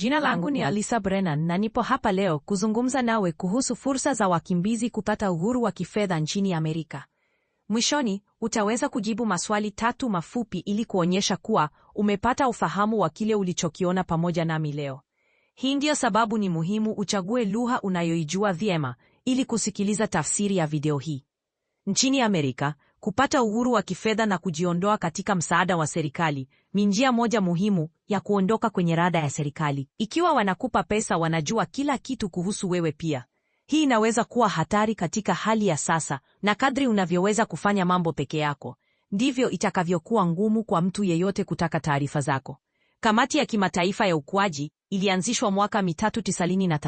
Jina langu ni Alisa Brennan na nipo hapa leo kuzungumza nawe kuhusu fursa za wakimbizi kupata uhuru wa kifedha nchini Amerika. Mwishoni, utaweza kujibu maswali tatu mafupi ili kuonyesha kuwa umepata ufahamu wa kile ulichokiona pamoja nami leo. Hii ndiyo sababu ni muhimu uchague lugha unayoijua vyema ili kusikiliza tafsiri ya video hii. Nchini Amerika, Kupata uhuru wa kifedha na kujiondoa katika msaada wa serikali ni njia moja muhimu ya kuondoka kwenye rada ya serikali. Ikiwa wanakupa pesa, wanajua kila kitu kuhusu wewe pia. Hii inaweza kuwa hatari katika hali ya sasa, na kadri unavyoweza kufanya mambo peke yako, ndivyo itakavyokuwa ngumu kwa mtu yeyote kutaka taarifa zako. Kamati ya Kimataifa ya Ukuaji ilianzishwa mwaka mitatu na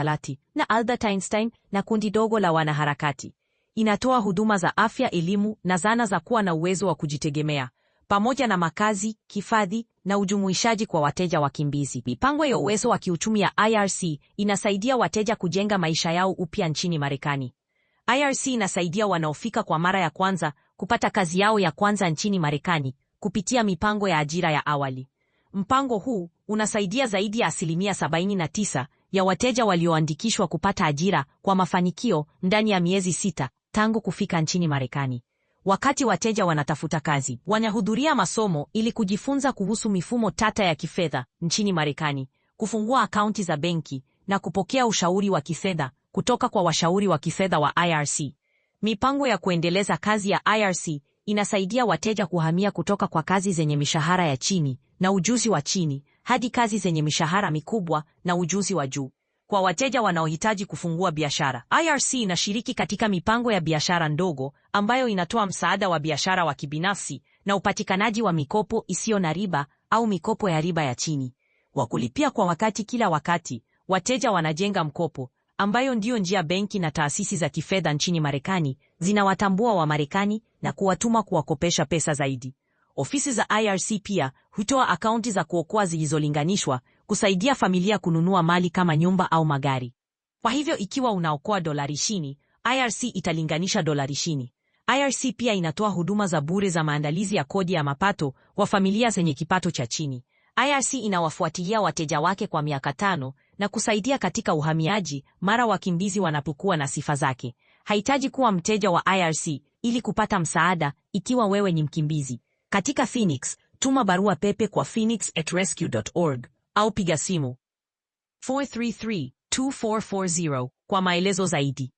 na Albert Einstein na kundi dogo la wanaharakati. Inatoa huduma za afya, elimu na zana za kuwa na uwezo wa kujitegemea pamoja na makazi, hifadhi na ujumuishaji kwa wateja wakimbizi. Mipango ya uwezo wa kiuchumi ya IRC inasaidia wateja kujenga maisha yao upya nchini Marekani. IRC inasaidia wanaofika kwa mara ya kwanza kupata kazi yao ya kwanza nchini Marekani kupitia mipango ya ajira ya awali. Mpango huu unasaidia zaidi ya asilimia 79 ya wateja walioandikishwa kupata ajira kwa mafanikio ndani ya miezi sita tangu kufika nchini Marekani. Wakati wateja wanatafuta kazi, wanahudhuria masomo ili kujifunza kuhusu mifumo tata ya kifedha nchini Marekani, kufungua akaunti za benki na kupokea ushauri wa kifedha kutoka kwa washauri wa kifedha wa IRC. Mipango ya kuendeleza kazi ya IRC inasaidia wateja kuhamia kutoka kwa kazi zenye mishahara ya chini na ujuzi wa chini hadi kazi zenye mishahara mikubwa na ujuzi wa juu kwa wateja wanaohitaji kufungua biashara. IRC inashiriki katika mipango ya biashara ndogo ambayo inatoa msaada wa biashara wa kibinafsi na upatikanaji wa mikopo isiyo na riba au mikopo ya riba ya chini wa kulipia kwa wakati. Kila wakati wateja wanajenga mkopo ambayo ndiyo njia benki na taasisi za kifedha nchini Marekani zinawatambua Wamarekani na kuwatuma kuwakopesha pesa zaidi. Ofisi za IRC pia hutoa akaunti za kuokoa zilizolinganishwa kusaidia familia kununua mali kama nyumba au magari. Kwa hivyo ikiwa unaokoa dolari ishirini, IRC italinganisha dolari ishirini. IRC pia inatoa huduma za bure za maandalizi ya kodi ya mapato kwa familia zenye kipato cha chini. IRC inawafuatilia wateja wake kwa miaka tano na kusaidia katika uhamiaji mara wakimbizi wanapokuwa na sifa zake. Hahitaji kuwa mteja wa IRC ili kupata msaada ikiwa wewe ni mkimbizi. Katika Phoenix, tuma barua pepe kwa phoenix@rescue.org au piga simu 433 2440 kwa maelezo zaidi.